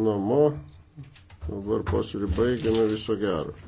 namo. Dabar posėdį baigiame viso gero.